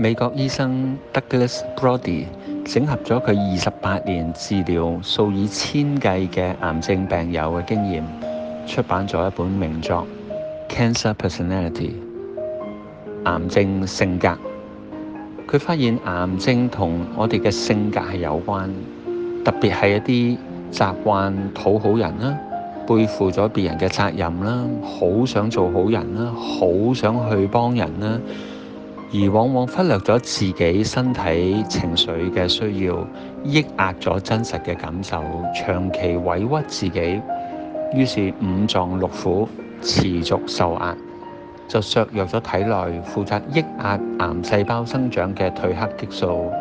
美國醫生 Douglas Brody 整合咗佢二十八年治療數以千計嘅癌症病友嘅經驗，出版咗一本名作《Cancer Personality》癌症性格。佢發現癌症同我哋嘅性格係有關，特別係一啲習慣討好人啦、背負咗別人嘅責任啦、好想做好人啦、好想去幫人啦。而往往忽略咗自己身體情緒嘅需要，抑壓咗真實嘅感受，長期委屈自己，於是五臟六腑持續受壓，就削弱咗體內負責抑壓癌細胞生長嘅褪黑激素，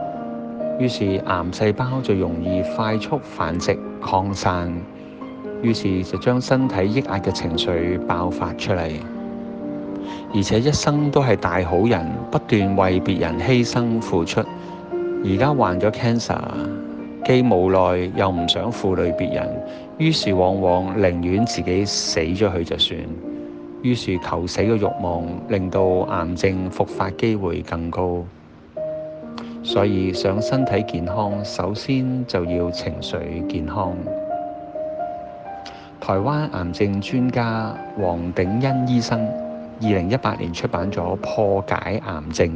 於是癌細胞就容易快速繁殖擴散，於是就將身體抑壓嘅情緒爆發出嚟。而且一生都係大好人，不斷為別人犧牲付出。而家患咗 cancer，既無奈又唔想負累別人，於是往往寧願自己死咗去就算。於是求死嘅慾望令到癌症復發機會更高。所以想身體健康，首先就要情緒健康。台灣癌症專家黃鼎恩醫生，二零一八年出版咗《破解癌症》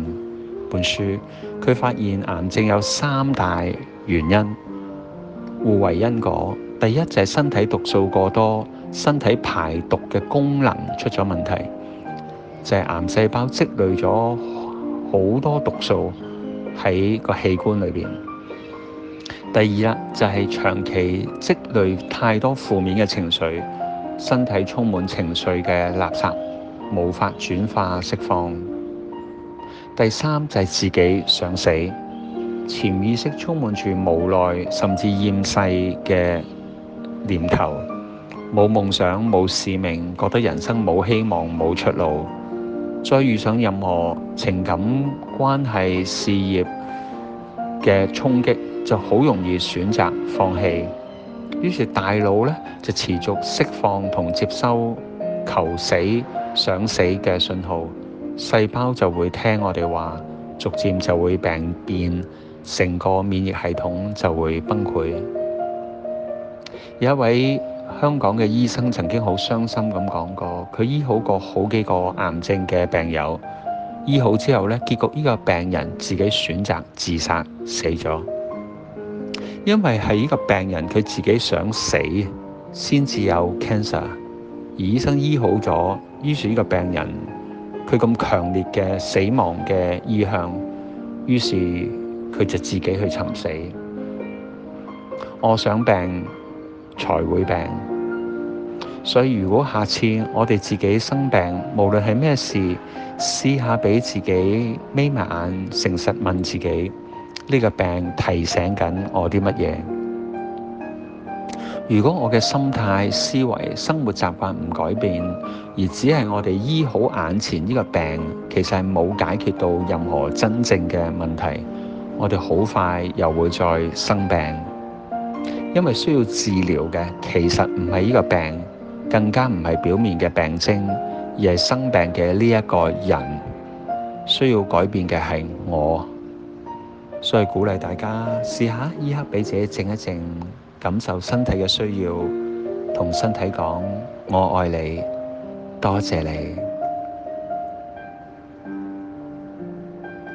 本書，佢發現癌症有三大原因互為因果。第一就係身體毒素過多，身體排毒嘅功能出咗問題，就係癌細胞積累咗好多毒素喺個器官裏邊。第二啦，就係長期積累太多負面嘅情緒，身體充滿情緒嘅垃圾，無法轉化釋放。第三就係自己想死，潛意識充滿住無奈甚至厭世嘅念頭，冇夢想冇使命，覺得人生冇希望冇出路。再遇上任何情感關係、事業嘅衝擊，就好容易選擇放棄。於是大腦咧就持續釋放同接收求死想死嘅信號，細胞就會聽我哋話，逐漸就會病變，成個免疫系統就會崩潰。有一位香港嘅醫生曾經好傷心咁講過，佢醫好過好幾個癌症嘅病友，醫好之後呢，結局呢個病人自己選擇自殺死咗，因為係呢個病人佢自己想死先至有 cancer。而醫生醫好咗，於是呢個病人佢咁強烈嘅死亡嘅意向，於是佢就自己去尋死。我想病，才會病。所以如果下次我哋自己生病，無論係咩事，試下俾自己眯埋眼，誠實問自己：呢個病提醒緊我啲乜嘢？如果我嘅心態、思維、生活習慣唔改變，而只係我哋醫好眼前呢個病，其實係冇解決到任何真正嘅問題。我哋好快又會再生病，因為需要治療嘅，其實唔係呢個病，更加唔係表面嘅病徵，而係生病嘅呢一個人，需要改變嘅係我。所以鼓勵大家試下，依刻俾自己靜一靜。感受身體嘅需要，同身體講：我愛你，多謝你。